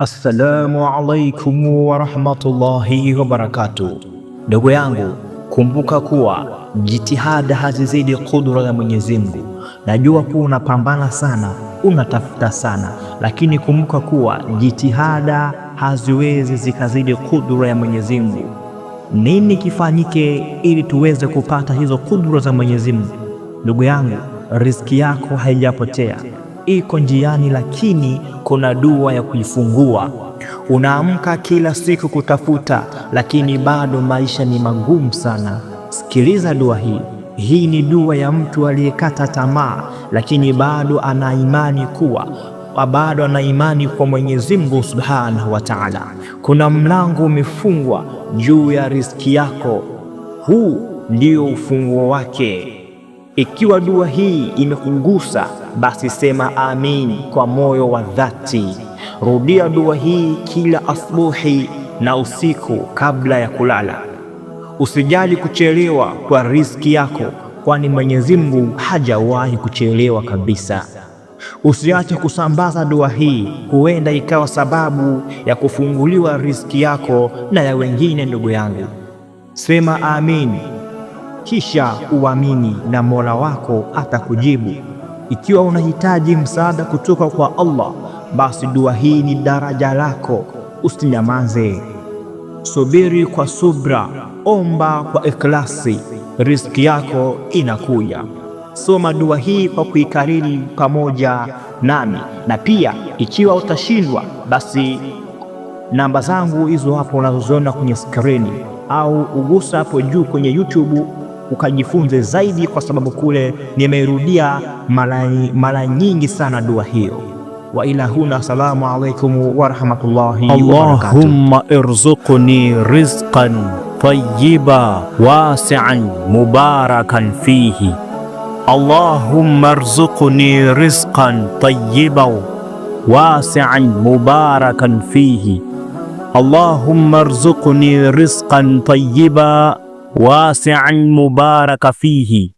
Assalamu alaikum warahmatullahi wabarakatuh. Ndugu yangu, kumbuka kuwa jitihada hazizidi kudura ya Mwenyezi Mungu. Najua kuwa unapambana sana, unatafuta sana, lakini kumbuka kuwa jitihada haziwezi zikazidi kudura ya Mwenyezi Mungu. Nini kifanyike ili tuweze kupata hizo kudura za Mwenyezi Mungu? Ndugu yangu, riziki yako haijapotea iko njiani, lakini kuna dua ya kuifungua. Unaamka kila siku kutafuta, lakini bado maisha ni magumu sana. Sikiliza dua hii. Hii ni dua ya mtu aliyekata tamaa, lakini bado ana imani kuwa bado ana imani kwa Mwenyezi Mungu Subhanahu wa Ta'ala. Kuna mlango umefungwa juu ya riziki yako, huu ndio ufunguo wake. Ikiwa dua hii imekugusa basi sema amin kwa moyo wa dhati. Rudia dua hii kila asubuhi na usiku kabla ya kulala. Usijali kuchelewa kwa riziki yako, kwani Mwenyezi Mungu hajawahi kuchelewa kabisa. Usiache kusambaza dua hii, huenda ikawa sababu ya kufunguliwa riziki yako na ya wengine. Ndugu yangu, sema amin kisha uamini na Mola wako atakujibu. Ikiwa unahitaji msaada kutoka kwa Allah, basi dua hii ni daraja lako. Usinyamaze, subiri kwa subra, omba kwa ikhlasi, riziki yako inakuja. Soma dua hii kwa kuikariri pamoja nami, na pia ikiwa utashindwa, basi namba zangu hizo hapo unazoziona kwenye skrini au ugusa hapo juu kwenye YouTube ukajifunze zaidi, kwa sababu kule nimerudia mara mara nyingi sana dua hiyo wa ila huna. Assalamu alaykum wa rahmatullahi wa barakatuh. Allahumma irzuqni rizqan tayyiba wasi'an mubarakan fihi. Allahumma irzuqni rizqan tayyiba wasi'an mubarakan fihi. Allahumma irzuqni rizqan tayyiba واسعا مبارك فيه